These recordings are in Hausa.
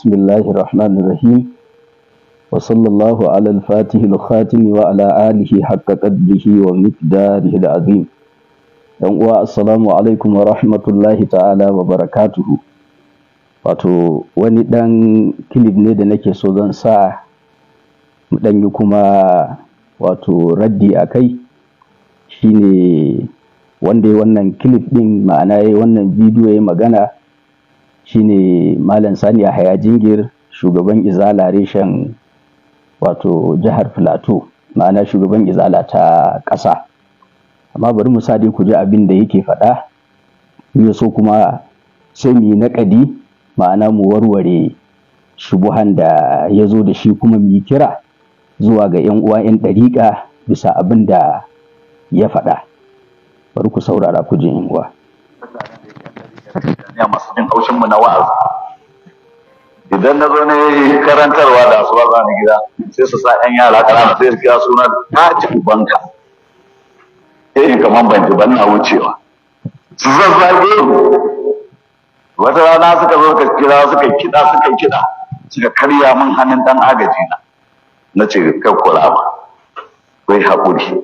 بسم الله الرحمن الرحيم وصلى الله على الفاتح الخاتم وعلى آله حق قدره ومقداره العظيم السلام عليكم ورحمة الله تعالى وبركاته wato wani ɗan kilif ne da nake so zan sa ɗan yi kuma wato raddi a kai shine wanda wannan kilif ɗin ma'ana ya wannan bidiyo ya magana shine Malam Sani Yahaya Jingir shugaban Izala reshen wato jihar Filato ma'ana shugaban Izala ta ƙasa. Amma bari mu dai ku ji abin da yake faɗa ya so kuma sai mu yi naƙadi ma'ana mu warware shubuhan da ya zo da shi kuma mu kira zuwa ga 'yan uwa 'yan ɗariƙa bisa abin da ya faɗa. Bari ku saurara ku ji 'yan uwa. ne masu jin haushin mu na wa'azi idan na zo ne karantarwa da asuba za ni gida sai su sa ɗan yara ƙanana sai su kira suna ta ci ubanka eh kamar ban ji ban na wucewa su zazzage wata rana suka zo ka kira suka kiɗa suka kiɗa suka karya min hannun ɗan agaji na na ce kan kula ba kai haƙuri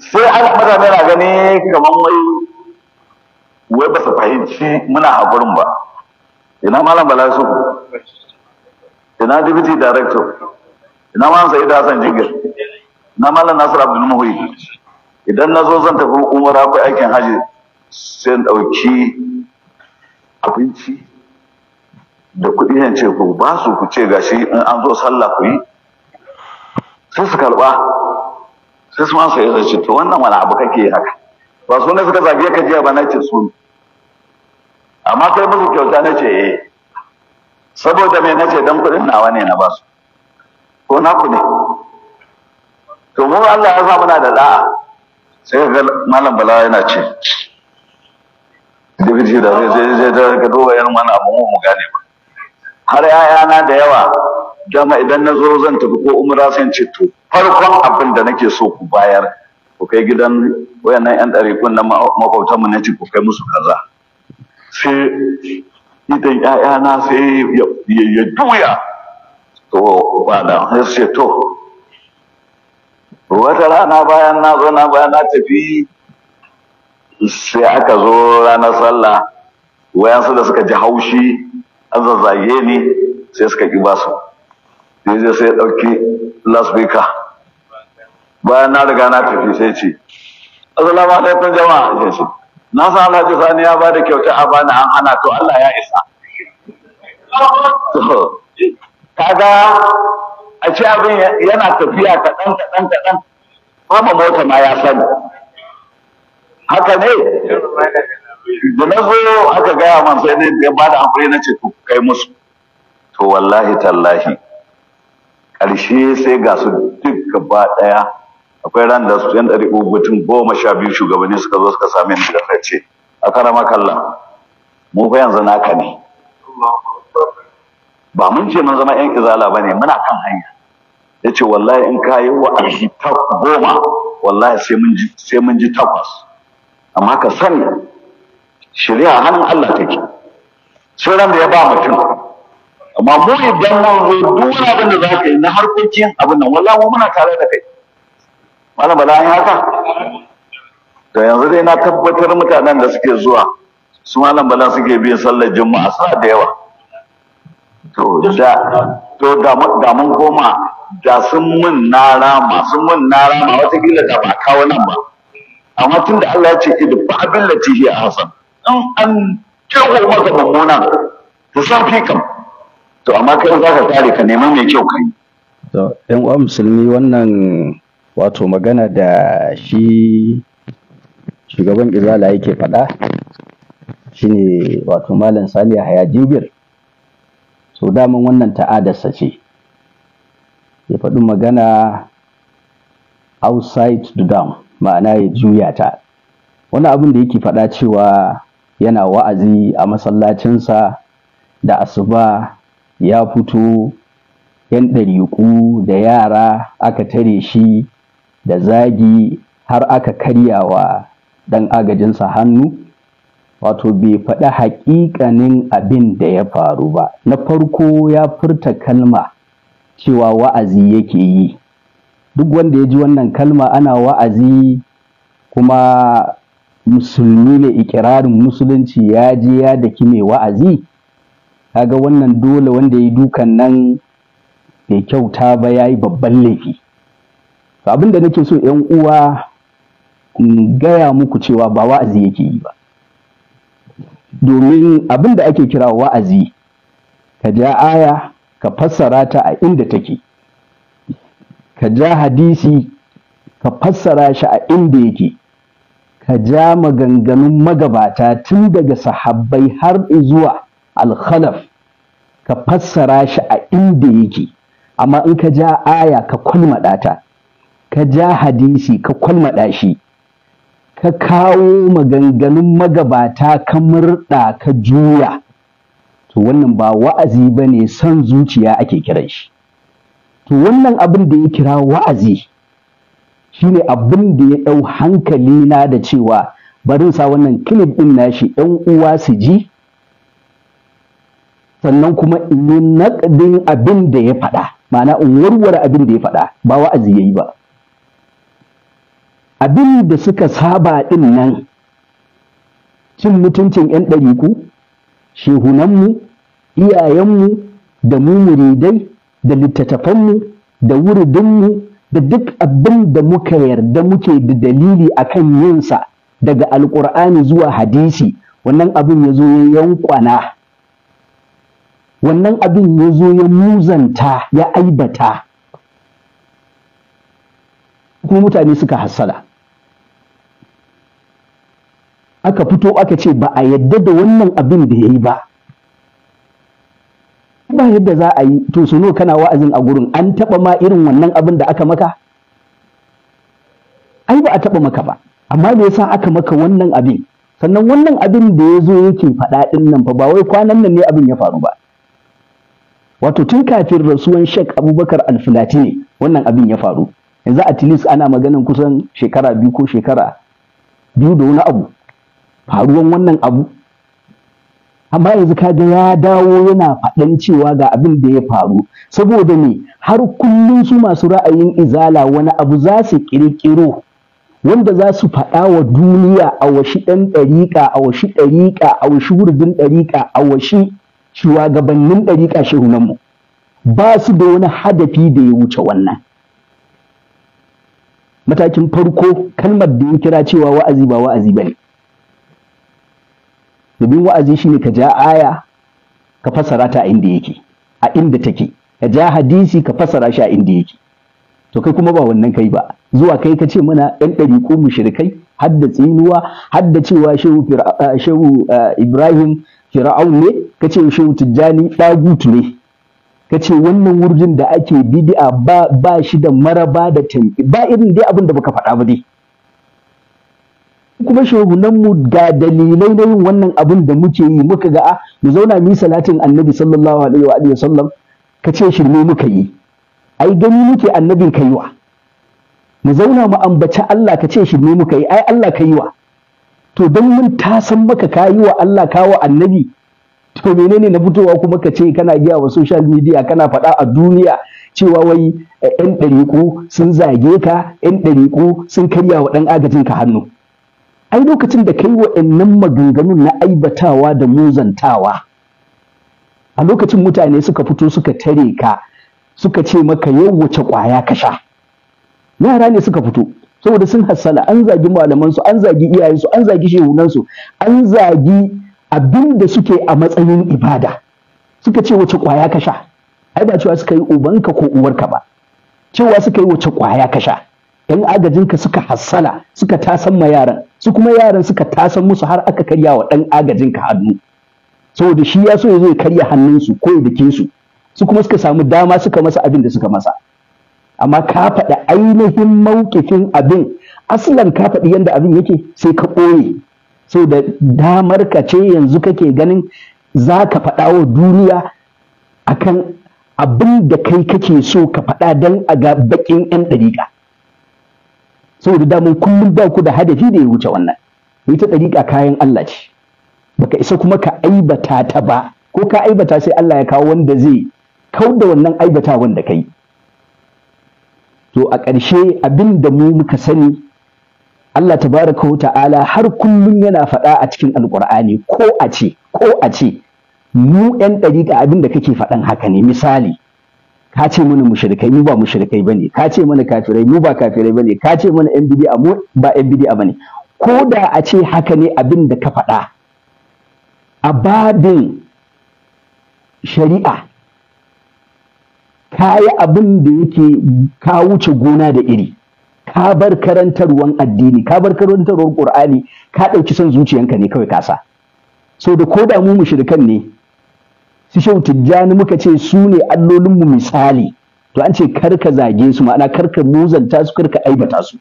sai an mutane na gani kamar wai shi muna haƙurin ba ina malam bala su ina Jibiti director ina malam da hassan Jigir? ina malam nasir abdul muhyi idan na zo zan tafi umara akwai aikin haji sai in ɗauki abinci da kuɗi yan ce ku ba su ku ce gashi in an zo sallah ku yi sai su karɓa sai su ma sai zai ce to wannan wani abu kake haka ba su ne suka zage ka jiya ba na ce su ne amma kai musu kyauta na ce eh saboda me na ce dan kuɗin nawa ne na basu ko na ku ne to mu Allah ya sa muna da da'a sai ga malam bala yana ce biji da zai zai zai ka duba yan mana abu mu gane ba har na da yawa dama idan na zo zan tafi ko umra sai ce to farkon abin da nake so ku bayar ku kai gidan wayannan yan ɗari kun na makwabtanmu na ce ku kai musu kaza sai idan ‘ya'yana sai ya duya, ko ba da sai to wata rana bayan na zo na bayan na tafi sai aka zo ranar sallah wayansu da suka ji haushi an zazzage ni sai suka ki ba su sai zai sai ɗauki lasbika bayan na riga na tafi sai ce assalamu alaikum jama'a sai na san alhaji sani ya bada kyauta a bani an hana to Allah ya isa kaga a ce abin yana tafiya kaɗan kaɗan kaɗan kuma mota ma ya sani haka ne da na zo aka gaya man sai ne ya bada amfani na ce to kai musu to wallahi tallahi ƙarshe sai ga su duk gaba ɗaya akwai ran da yan ɗari mutum goma sha biyu shugabanni suka zo suka sami ni da ce a kara kallon mu fa yanzu naka ne ba mun ce mun zama yan izala ba ne muna kan hanya ya ce wallahi in ka yi wa'azi ta goma wallahi sai mun ji takwas amma ka sani shari'a hannun Allah take sai ran da ya ba mutum amma mu idan mun zo duk abin da za ka yi na harkokin abin nan wallahi muna tare da kai malam bala an haka da yanzu dai na tabbatar mutanen da suke zuwa su malam bala suke bin sallar juma'a suna da yawa to da to da mun koma da sun mun na rama sun mun na rama gila da ba kawo nan ba amma tun da Allah ya ce ba abin lati a hasan in an kyau maka mummuna san fi kam to amma kai za ka tare ka nema mai kyau kai to ɗan uwa musulmi wannan wato magana da shi shugaban izala yake faɗa shine wato malam sani yahaya jingir so daman wannan ta'adarsa ce ya faɗi magana outside the dam ma'ana ya juya ta wani abin da yake faɗa cewa yana wa'azi a masallacinsa da asuba ya fito yan ɗariƙu da yara aka tare shi da zagi har aka karya wa ɗan agajinsa hannu wato bai faɗi haƙiƙanin abin da ya faru ba na farko ya furta kalma cewa wa'azi yake yi duk wanda ya ji wannan kalma ana wa'azi kuma musulmi ne ikirarin musulunci ya je ya daki mai wa'azi kaga wannan dole wanda ya yi dukan nan bai kyauta ba ya yi babban laifi abin da nake so yan uwa in gaya muku cewa ba wa'azi yake yi ba domin abin da ake kira wa'azi ka ja aya ka fassara ta a inda take ka ja hadisi ka fassara shi a inda yake ka ja maganganun magabata tun daga sahabbai har zuwa alkhalaf ka fassara shi a inda yake amma in ka ja aya ka kwalmaɗa ta ka ja hadisi ka kwalmaɗa shi ka kawo maganganun magabata ka murɗa ka juya to wannan ba wa'azi ba ne son zuciya ake kiran shi to wannan abin da ya kira wa'azi shine abin da ya ɗau hankali na da cewa barin sa wannan kilif ɗin nashi ‘yan uwa su ji sannan kuma in yi naƙadin abin da ya faɗa ma'ana in warware abin da ya faɗa ba wa'azi ya yi ba abin da suka saba ɗin nan cin mutuncin 'yan ɗariku shehunanmu iyayenmu da mu muridai da littattafanmu da wurudinmu, da duk abin da muka yarda muke da dalili akan yinsa daga alƙur'ani zuwa hadisi wannan abin ya zo ya yankwana wannan abin ya zo ya muzanta ya aibata kuma mutane suka hassala. aka fito aka ce ba a yadda da wannan abin da ya yi ba ba yadda za a yi to suno kana wa'azin a gurin an taɓa ma irin wannan abin da aka maka ai ba a taɓa maka ba amma me yasa aka maka wannan abin sannan wannan abin da ya zo yake faɗa ɗin nan fa ba wai kwanan nan ne abin ya faru ba wato tun kafin rasuwan shek abubakar alfilati ne wannan abin ya faru yanzu a least ana maganin kusan shekara biyu ko shekara biyu da wani abu faruwan wannan abu amma yanzu kaga ya dawo yana faɗan cewa ga abin da ya faru saboda ne har kullum su masu ra'ayin izala wani abu za su ƙirƙiro wanda za su faɗa wa duniya a washi ɗan ɗariƙa a washi ɗariƙa a washi wurbin ɗariƙa a washi shugabannin ɗariƙa shehunanmu ba su da wani hadafi da ya wuce wannan matakin farko kalmar da ya kira cewa wa'azi ba wa'azi ba ne domin wa'azi shine ka ja aya ka fassara ta inda yake a inda take ka ja hadisi ka fassara shi a inda yake to kai kuma ba wannan kai ba zuwa kai ka ce mana yan ɗari ko mushrikai da tsinuwa Har da cewa shehu Ibrahim Fir'aun ne ka ce shehu Tijjani ɗagutu ne ka ce wannan wurjin da ake bidi'a ba ba shi da maraba da tambi ba irin dai abin da baka faɗa ba dai kuma mu ga dalilai na yin wannan abin da muke yi muka ga a ah, mu zauna mu salatin annabi sallallahu alaihi wa alihi sallam ka ce shirme muka yi ai gani muke annabin kaiwa mu zauna mu ambaci Allah ka ce shirme muka yi ai Allah kaiwa to don mun tasan maka kayi wa Allah kawo annabi to menene na fitowa kuma ka ce kana giya wa social media kana faɗa a duniya cewa wai 'yan eh, ɗariƙo sun zage ka 'yan ɗariƙo sun karya wa ɗan agajin ka hannu ai lokacin da kai wa'annan maganganun na aibatawa da muzantawa a lokacin mutane suka fito suka tare ka suka ce maka yau wace kwaya ka sha yara ne suka fito saboda sun hassala an zagi malamansu an zagi iyayensu an zagi shehunansu an zagi abin da suke a matsayin ibada suka ce wace kwaya ka sha ai ba cewa suka yi ubanka ko uwarka ba cewa suka yi wace kwaya ka sha yan agajinka suka hassala suka tasan ma yaran su kuma yaran suka tasan musu har aka karya wa dan agajinka hannu saboda shi ya so ya zo ya karya hannunsu ko ya dake su su kuma suka samu dama suka masa abin da suka masa amma ka faɗi ainihin mawkifin abin aslan ka faɗi yadda abin yake sai ka ɓoye sau da damar ka ce yanzu kake ganin za ka faɗa wa duniya akan abin da kai kake so ka faɗa don a ga baƙin 'yan ɗariƙa saboda damun kullum ba ku da hadafi da ya wuce wannan ita ɗariƙa kayan Allah ce baka isa kuma ka aibata ta ba ko ka aibata sai Allah ya kawo wanda zai kau da wannan aibata wanda kai to a ƙarshe abin da mu muka sani Allah tabaraka wa ta'ala har kullum yana faɗa a cikin alƙur'ani ko a ce ko a ce mu ɗan ɗariƙa abin da kake faɗan haka ne misali ka ce mana mushrikai mu ba mushrikai bane ka ce mana kafirai mu ba kafirai bane ka ce mana yan bid'a mu ba yan bid'a bane ko da a ce haka ne abin da ka faɗa a babin shari'a ka yi abin da yake ka wuce gona da iri ka bar karantarwan addini ka bar karantarwan qur'ani ka ɗauki son zuciyanka ne kawai kasa so da ko da mu mushrikan ne su shau tijjani muka ce su ne allolinmu misali to an ce karka zage su ma'ana karka muzanta su karka aibata su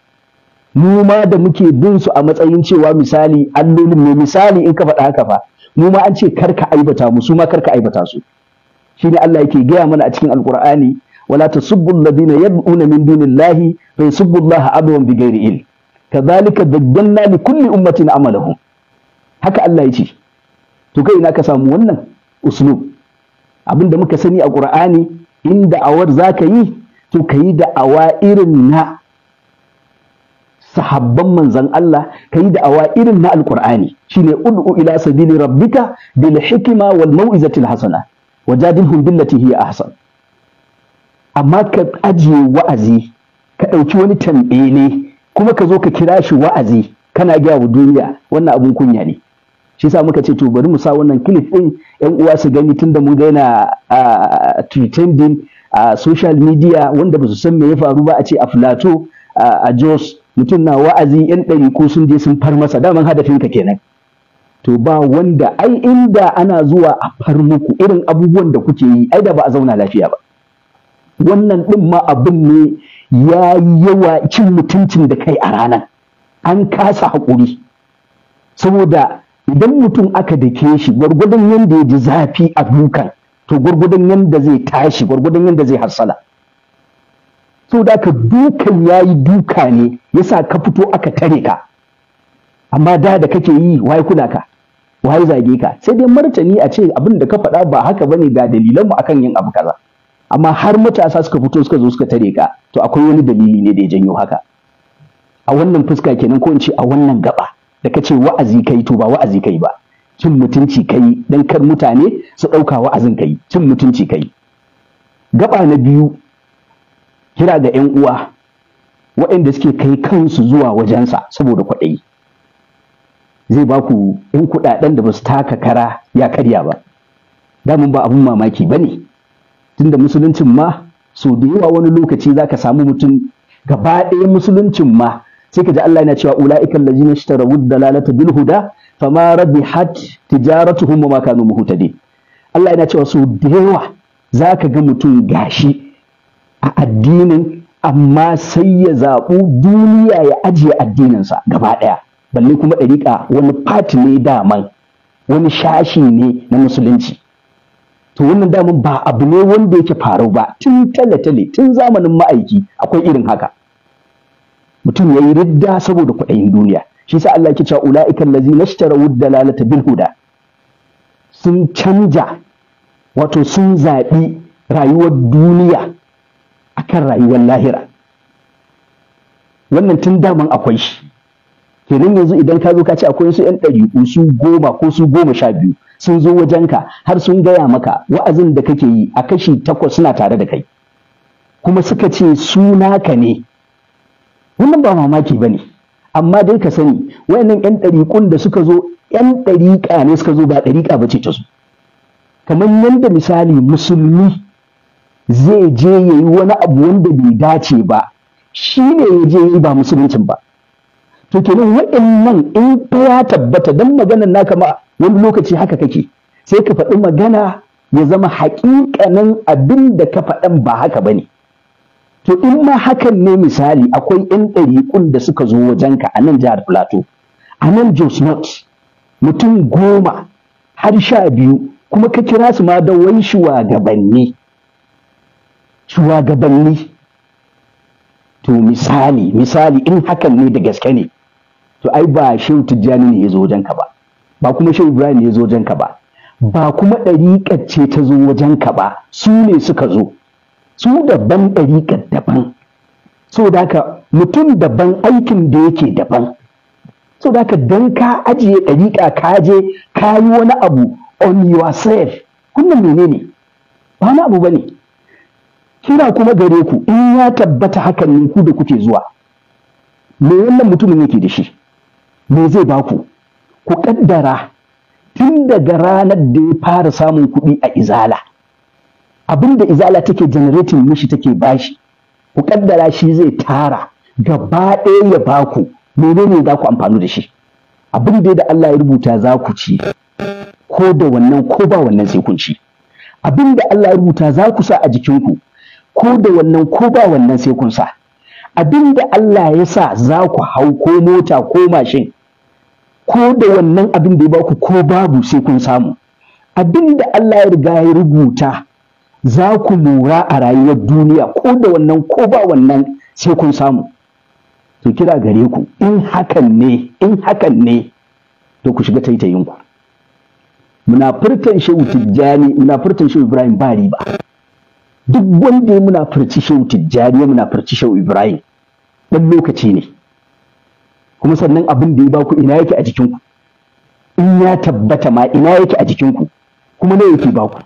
mu da muke bin su a matsayin cewa misali allolin ne misali in ka faɗa haka fa mu ma an ce karka aibata mu su ma karka aibata su shine Allah yake gaya mana a cikin alqur'ani wala tasubbu alladhina yad'una min dunillahi fa yasubbu Allah adwan bighairi ilm kadhalika badalna li kulli ummatin amalahum haka Allah ya ce to kai ina ka samu wannan uslub abin da muka sani a ƙur'ani in awar za ka yi to ka yi da'awa irin na sahabban manzan Allah ka yi da'awa irin na alƙur'ani ne ud'u ila sabili rabbika bil hikima wal mau'izatil hasana wajadilhum billati hiya ahsan amma ka ajiye wa'azi ka ɗauki wani tambaye ne, kuma ka zo ka kira shi wa'azi kana gaya wa duniya wannan abin kunya ne shi sa muka ce to bari mu sa wannan clip din yan uwa su gani tunda mun ga yana a din a social media wanda ba su san me ya faru ba a ce a Plateau a Jos mutum na wa'azi yan ɗari ko sun je sun far masa daman hadafin ka kenan to ba wanda ai inda ana zuwa a far muku irin abubuwan da kuke yi ai da ba a zauna lafiya ba wannan ɗin ma abin ne ya yi yawa cin mutuncin da kai a ranar an kasa haƙuri saboda idan mutum aka dake shi gwargwadon yadda ya ji zafi a dukan to gwargwadon yadda zai tashi gwargwadon yadda zai hassala Sau da ka dukan ya yi duka ne yasa ka fito aka tare ka amma da da kake yi waye kula ka waye zage ka sai dai martani a ce abin da ka faɗa ba haka bane ga dalilan mu akan yin abu kaza amma har matasa suka fito suka zo suka tare ka to akwai wani dalili ne da ya janyo haka a wannan fuska kenan ko in ce a wannan gaba da kace wa'azi kai to ba wa'azi kai ba cin mutunci kai dan kar mutane su ɗauka wa'azin kai cin mutunci kai gaba na biyu kira ga 'yan uwa waɗanda suke kai kansu zuwa wajensa saboda kwaɗayi zai ba ku ƴan kuɗaɗen da ba su taka kara ya karya ba damun ba abun mamaki ba ne tunda musuluncin ma Sau da yawa wani lokaci za ka samu mutum gaba ɗaya musuluncin ma sai ka ji Allah yana cewa ula'ikal ishtaraw ad dalalata bil huda fama rabihat tijaratuhum wa ma kanu muhtadin Allah yana cewa su da yawa zaka ga mutum gashi a addinin amma sai ya zaɓu duniya ya ajiye addininsa gaba ɗaya balle kuma ɗariƙa wani fati ne daman wani shashi ne na musulunci to wannan daman ba abu ne wanda yake faru ba tun tale-tale tun zamanin ma'aiki akwai irin haka mutum ya yi ridda saboda kuɗayin duniya shi sa Allah yake cewa ulaika allazina ishtarawu dalalata bil huda sun canja wato sun zaɓi rayuwar duniya akan rayuwar lahira wannan tun daman akwai shi kenan yanzu idan ka zo ka ce akwai su 'yan ɗariƙu su goma ko su goma sha biyu sun zo wajenka har sun gaya maka wa'azin da kake yi a kashi takwas suna tare da kai kuma suka ce suna ka ne wannan ba mamaki ba ne amma dai ka sani wayannan yan ɗariƙun da suka zo yan ɗariƙa ne suka zo ba ɗariƙa ba ce ta su kamar yadda misali musulmi zai je ya yi wani abu wanda bai dace ba shi ne ya je yi ba musuluncin ba to kenan waɗannan in ka ya tabbata dan maganar naka ma wani lokaci haka kake sai ka faɗi magana ya zama haƙiƙanin abin da ka faɗan ba haka ba ne. to in ma hakan ne misali akwai 'yan ɗariƙun da suka zo wajenka a nan jihar plateau a nan jos not, mutum goma har sha biyu kuma ka kira su ma da wai shugabanni Shuwagabanni. to misali misali in hakan ne da gaske ne to ai ba shehu tijjani ne ya zo wajenka ba ba kuma shehu ibrahim ne ya zo wajenka ba ba kuma ɗariƙar ce ta zo wajenka ba su ne suka zo su daban ɗariƙar daban so ka mutum daban aikin da yake daban so ka dan ka ajiye ɗariƙa ka je ka yi wani abu on yourself wannan menene ba na abu ba ne. kira kuma gare ku in ya tabbata hakan ne ku da kuke zuwa me wannan mutumin yake da shi me zai ba ku Ku ƙaddara, tun daga ranar da ya fara samun kuɗi a izala abin da izala take generating mishi take bashi ku kaddara shi zai tara gaba ɗaya ya baku menene za ku amfani da shi abin da da Allah ya rubuta za ku ci ko da wannan ko ba wannan sai kun ci abin da Allah ya rubuta za ku sa a jikinku ko da wannan ko ba wannan sai kun sa abin da Allah ya sa za ku hau ko mota ko mashin ko da wannan abin da ya baku ko babu sai kun samu abin da Allah ya riga ya rubuta za ku lura a rayuwar duniya ko da wannan ko ba wannan sai kun samu to kira gare ku in hakan ne in hakan ne to ku shiga taitayin ku munafurtan shehu tijjani munafurtan shehu ibrahim ba riba duk wanda ya munafurci shehu tijjani ya furci shehu ibrahim dan lokaci ne kuma sannan abin da ya baku ina yake a jikin ku in ya tabbata ma ina yake a jikin ku kuma ne yake baku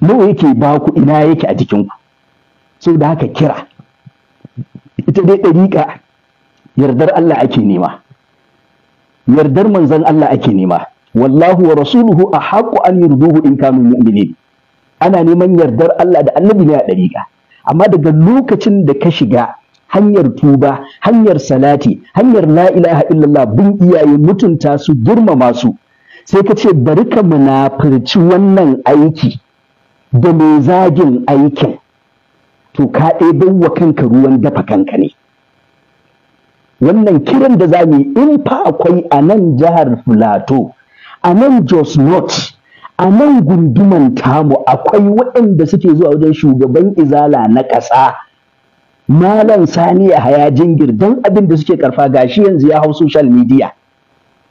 nawa yake ba ku ina yake a jikinku so da haka kira ita dai ɗariƙa yardar Allah ake nema yardar manzon Allah ake nema wallahu wa rasuluhu a haƙu an yarduhu in kanu mu'minin ana neman yardar Allah da annabi ne a ɗariƙa amma daga lokacin da ka shiga hanyar tuba hanyar salati hanyar la ilaha illallah bin iyaye mutunta su girmama su sai ka ce bari ka munafurci wannan aiki da mai zagin aikin to ka ɗeban wa kanka ruwan dafa kanka ne wannan kiran da za mu yi in fa akwai a nan jihar filato a nan jos north a nan gunduman tamu akwai waɗanda suke zuwa wajen shugaban izala na ƙasa malam sani haya jingir don abin da suke karfa gashi yanzu ya hau social media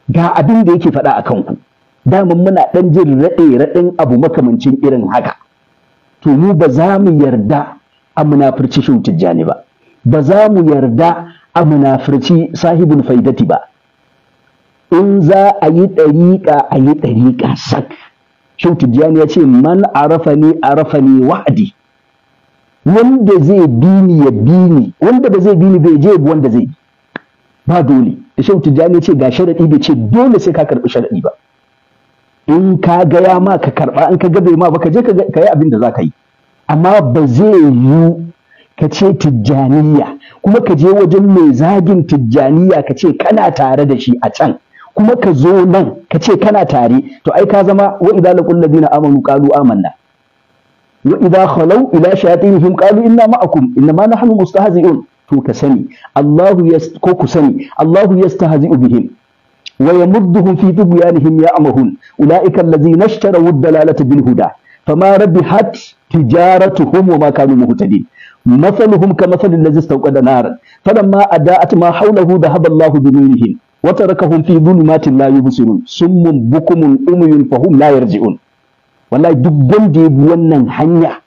ga abin da yake faɗa a kanku daman muna ɗan jin raɗe raɗin abu makamancin irin haka to mu ba za mu yarda a munafurci shin tijjani ba ba za mu yarda a munafurci sahibin faidati ba in za a yi ɗariƙa a yi ɗariƙa sak shin tijjani ya ce man arafani arafani wa'adi wanda zai bi ni ya bi ni wanda ba zai bi ni bai je wanda zai ba dole shehu tijjani ce ga sharaɗi bai ce dole sai ka karɓi sharaɗi ba in ka gaya ma ka karɓa in ka ga ma ba ka je ka yi abin da za ka yi amma ba zai yiwu ka ce tijjaniya kuma ka je wajen mai zagin tijjaniya ka ce kana tare da shi a can kuma ka zo nan ka ce kana tare to ai ka zama wa idza laqul ladina amanu qalu amanna wa idza ila shayatinihim qalu inna ma'akum inna ma nahnu mustahzi'un to ka sani Allahu ya ko ku sani Allahu yastahzi'u bihim wa yamudduhum fi dubyanihim ya amahun ulaika allazina ishtaraw ad-dalalata bil huda fama rabihat tijaratuhum wa ma kanu muhtadin mathaluhum ka mathali allazi istawqada nar falamma ada'at ma hawlahu dhahaba Allahu bi nurihim wa tarakahum fi dhulumatin la yubsirun summun bukumun umyun fahum la yarji'un wallahi duk gonde wannan hanya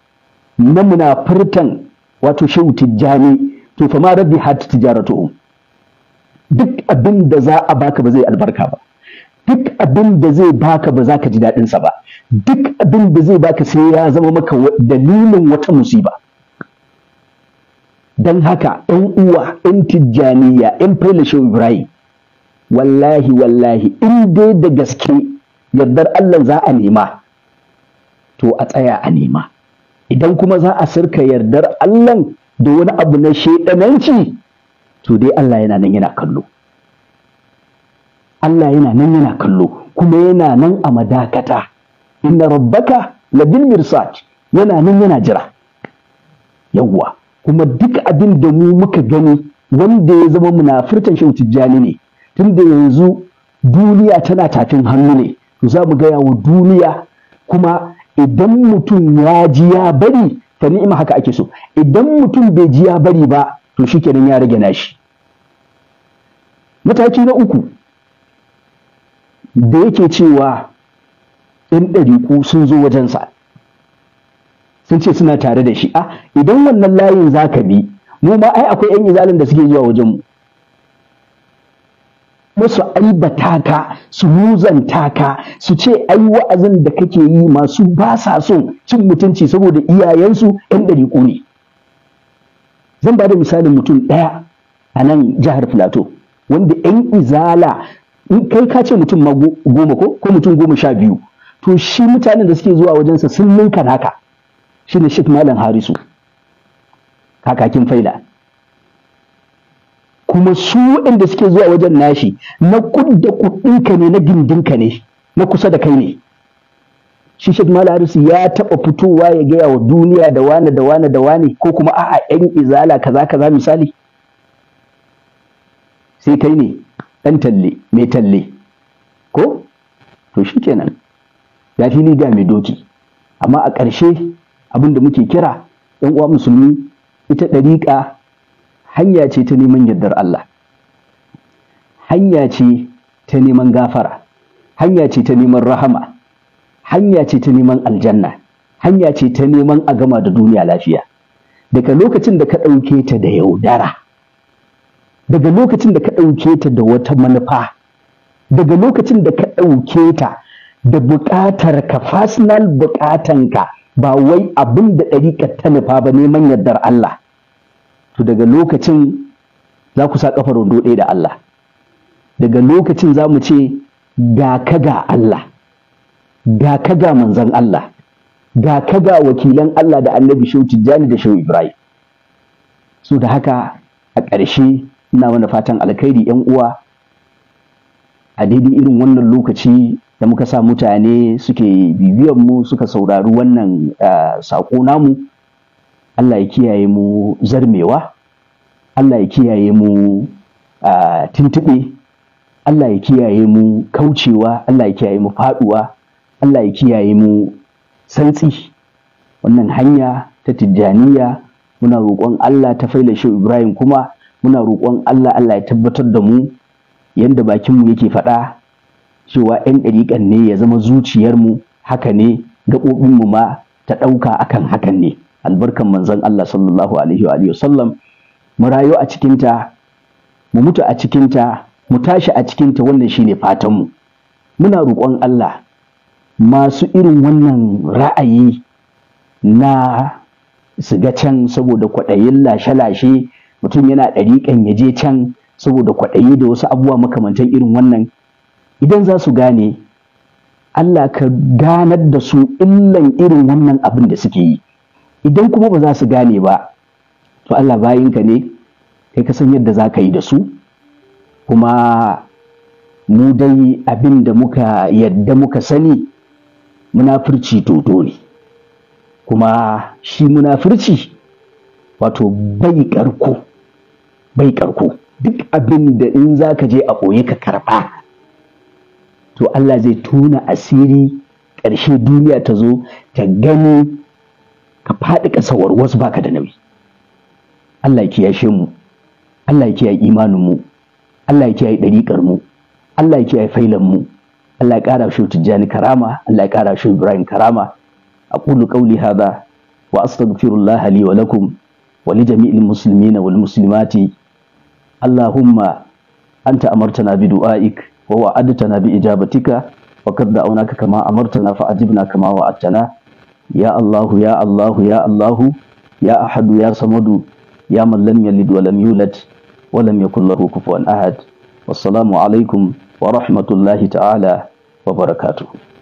na munafurtan wato shehu tijjani to fa ma rabbi hat tijaratu duk abin da za a baka ba zai albarka ba duk abin da zai baka ba za ka ji daɗin sa ba duk abin da zai baka sai ya zama maka dalilin wata musiba dan haka ɗan uwa ɗan tijjaniya ɗan failashin ibrahim wallahi wallahi in dai da gaske yardar allah za a nema to a tsaya a nema idan kuma za a sirka yardar allah da wani abu na shaidananci to dai Allah yana nan yana kallo Allah yana nan yana kallo kuma yana nan a madakata inna rabbaka labil mirsaj yana nan yana jira yawwa kuma duk abin da mu muka gani wanda ya zama munafurtan shi tijjani ne tunda yanzu duniya tana tafin hannu ne to za mu gaya wa duniya kuma idan mutum ya ji ya bari ta ni'ima haka ake so idan mutum bai ji ya bari ba to shikenan ya rage nashi mataki na uku da yake cewa ɗan ɗariƙu sun zo wajensa sun ce suna tare da shi a ah, idan wannan layin za ka bi mu ma ai akwai 'yan izalin da suke zuwa wajenmu musu aibata ka su muzanta ka su ce ai wa'azin da kake yi masu ba sa son cin mutunci saboda iyayensu 'yan ɗariƙo ne zan ba da misalin mutum ɗaya a nan jihar filato wanda 'yan izala in kai ka ce mutum ma goma ko ko mutum goma sha biyu to shi mutanen da suke zuwa wajensa sun ninka naka shine shek malam harisu kakakin faila kuma su waɗanda suke zuwa wajen nashi na kudda kudinka ne na gindinka ne na kusa da kai ne shi Sheikh Malarisu ya taɓa fitowa ya gaya wa duniya da wane da wane da wane ko kuma a'a yan izala kaza kaza misali sai kai ne ɗan talle mai talle ko to shi kenan ya fi ga mai doki amma a ƙarshe abinda muke kira 'yan uwa musulmi ita ɗariƙa hanya ce ta neman yardar Allah hanya ce ta neman gafara hanya ce ta neman rahama hanya ce ta neman aljanna hanya ce ta neman a gama da duniya lafiya daga lokacin da ka ɗauke ta da yaudara daga lokacin da ka ɗauke ta da wata manufa daga lokacin da ka ɗauke ta da buƙatar ka fasinal buƙatanka ba wai abin da ɗariƙar ta nufa ba neman yardar Allah to daga lokacin za ku sa kafar wando ɗaya da Allah daga lokacin za mu ce ga ka ga Allah ga ka ga manzon Allah ga ka ga wakilan Allah da annabi Shehu Tijjani da Shehu Ibrahim so da haka a ƙarshe ina mana fatan alkhairi yan uwa a daidai irin wannan lokaci da muka sa mutane suke bibiyar mu suka saurari wannan eh, saƙo namu Allah ya kiyaye mu zarmewa Allah ya kiyaye mu Allah ya kiyaye mu kaucewa Allah ya kiyaye mu faduwa Allah ya kiyaye mu santsi wannan hanya ta tijjaniya muna roƙon Allah ta faila shi Ibrahim kuma muna roƙon Allah Allah ya tabbatar da mu yanda bakinmu yake faɗa cewa 'yan ɗariƙan ne ya zama zuciyarmu haka ne gaɓoɓinmu ma ta ɗauka akan hakan ne. albarkan manzon Allah sallallahu alaihi wa alihi wasallam mu rayu a cikin ta mu mutu a cikin ta mu tashi a cikin ta wannan shine fatan mu muna roƙon Allah masu irin wannan ra'ayi na su ga can saboda kwaɗayin lashe-lashe mutum yana ɗariƙan ya je can saboda kwaɗayi da wasu abubuwa makamantan irin wannan idan za su gane Allah ka ganar da su illan irin wannan abin da suke yi idan kuma ba za su gane ba to Allah bayinka ne kai ka san yadda za ka yi da su kuma mu dai abin da muka yadda muka sani munafurci toto ne kuma shi munafurci wato bai karko bai karko duk abin da in za ka je a ɓoye ka karɓa to Allah zai tona asiri ƙarshe duniya ta zo ta gani ka faɗi kasawar wasu baka da nauyi Allah ya kiyashe mu Allah ya kiyaye imanin mu Allah ya kiyaye ɗariƙar mu Allah ya kiyaye failan mu Allah ya ƙara shi tijjani karama Allah ya ƙara shi Ibrahim karama aqulu qawli hadha wa astaghfirullah li wa lakum wa li jami'il muslimina wal muslimati Allahumma anta amartana bi du'aik wa wa'adtana bi ijabatika wa qad da'awnaka kama amartana fa ajibna kama wa'adtana ya Allahu ya Allahu ya Allahu ya Ahadu ya Samadu ya man lam yalid wa lam yulad wa lam yakul lahu kufuwan ahad wassalamu alaikum wa rahmatullahi ta'ala wa barakatuh